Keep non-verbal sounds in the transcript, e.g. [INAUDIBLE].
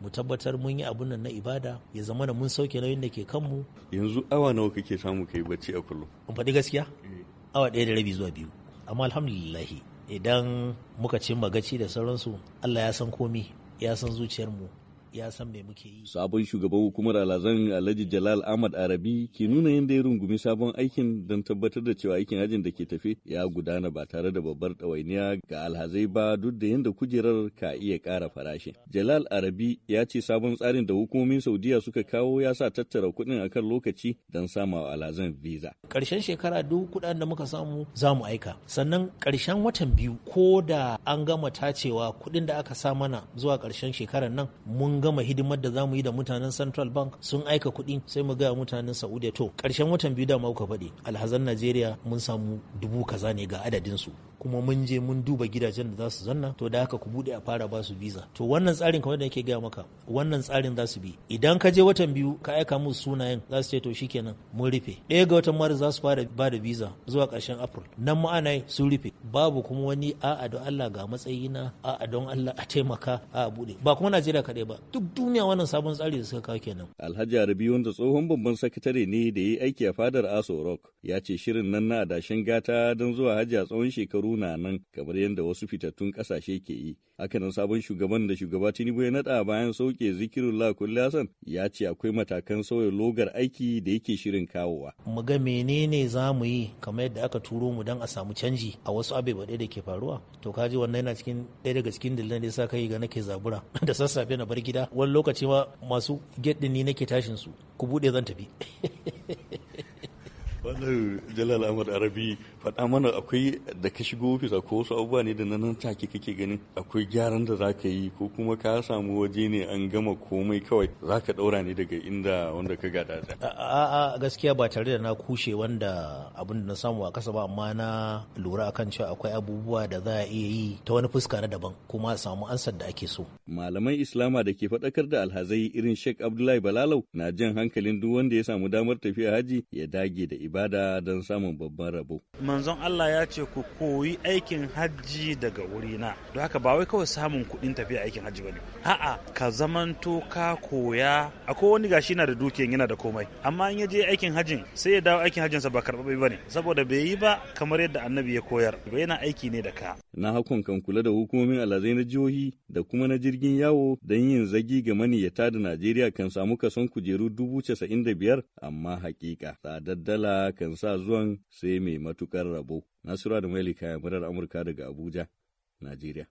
mu tabbatar mun yi abun nan na ibada ya zama na mun sauke nauyin da ke kanmu yanzu awa nawa kake samu kai bacci a kullum in faɗi gaskiya eh. awa ɗaya da rabi zuwa biyu amma alhamdulillahi idan muka cimma gaci da sauransu Allah ya san komi ya san zuciyarmu ya san me muke yi. Sabon shugaban hukumar alazan Alhaji Jalal Ahmad Arabi ke nuna yadda ya rungumi sabon aikin don tabbatar da cewa aikin hajin da ke tafe ya gudana ba tare da babbar ɗawainiya ga alhazai ba duk da yadda kujerar ka iya ƙara farashi. Jalal Arabi ya ce sabon tsarin da hukumomin Saudiya suka kawo ya sa tattara kuɗin akan lokaci don sama alhazan visa. karshen shekara duk kuɗaɗen da muka samu za mu aika. Sannan karshen watan biyu ko da an gama tacewa kuɗin da aka sa mana zuwa ƙarshen shekarar nan mun mun gama hidimar da zamu yi da mutanen Central Bank sun aika kuɗi sai mu gaya mutanen Saudiya to ƙarshen watan biyu da kuka faɗi alhazan Najeriya mun samu dubu kaza ne ga adadin su kuma mun je mun duba gidajen da za su zanna to da haka ku bude a fara ba su visa to wannan tsarin kamar da yake gaya maka wannan tsarin za su bi idan ka je watan biyu ka aika musu sunayen za su ce to shikenan mun rufe ɗaya ga watan maris za su fara ba da visa zuwa ƙarshen april nan ma'ana su rufe babu kuma wani a'a don allah ga matsayina a'a don allah a taimaka a bude ba kuma najeriya kaɗai ba duk duniya wannan sabon tsari da suka kawo kenan alhaji arabi wanda tsohon babban sakatare ne da ya yi aiki a fadar aso rock ya ce shirin nan na adashin gata don zuwa hajji a tsawon shekaru tsaro nan kamar yadda wasu fitattun kasashe ke yi. Hakanan sabon shugaban da shugaba Tinubu ya naɗa bayan sauke la kulli Hassan ya ce akwai matakan sauya logar aiki da yake shirin kawowa. Mu ga menene za mu yi kamar yadda aka turo mu don a samu canji a wasu abubuwa da ke faruwa. To kaji wannan yana cikin ɗaya daga cikin dalilan da ya sa kai ga nake zabura [LAUGHS] da sassafe na bar gida wani lokaci ma masu get ɗin ni nake tashin su ku buɗe zan tafi. [LAUGHS] wannan jalal amur arabi faɗa mana akwai da ka shigo ofis ko wasu abubuwa ne da nan take kake ganin akwai gyaran da za ka yi ko kuma ka samu waje ne an gama komai kawai za ka ɗaura ne daga inda wanda ka gada a gaskiya ba tare da na kushe wanda abin da na samu a kasa ba amma na lura akan cewa akwai abubuwa da za a iya yi ta wani fuska na daban kuma a samu ansar da ake so malaman islama da ke faɗakar da alhazai irin sheikh abdullahi balalau na jan hankalin duk wanda ya samu damar tafiya haji ya dage da ibada ibada don samun babban rabo. Manzon Allah ya ce ku koyi aikin hajji daga wurina. Don haka ba wai kawai samun kuɗin tafiya aikin hajji ba ne. A'a ka zamanto ka koya akwai wani gashi na da dukiyan yana da komai amma in ya je aikin hajjin sai ya dawo aikin hajjinsa ba karɓa ba ne saboda bai yi ba kamar yadda annabi ya koyar ba yana aiki ne da ka. Na hakon kan kula da hukumomin alazai na jihohi da kuma na jirgin yawo don yin zagi ga maniyyata da Najeriya kan samu kason kujeru dubu casa'in da biyar amma hakika tsadar dala kan sa zuwan sai mai matukar rabo. nasiru da Maili kayan murar Amurka daga Abuja, Najeriya.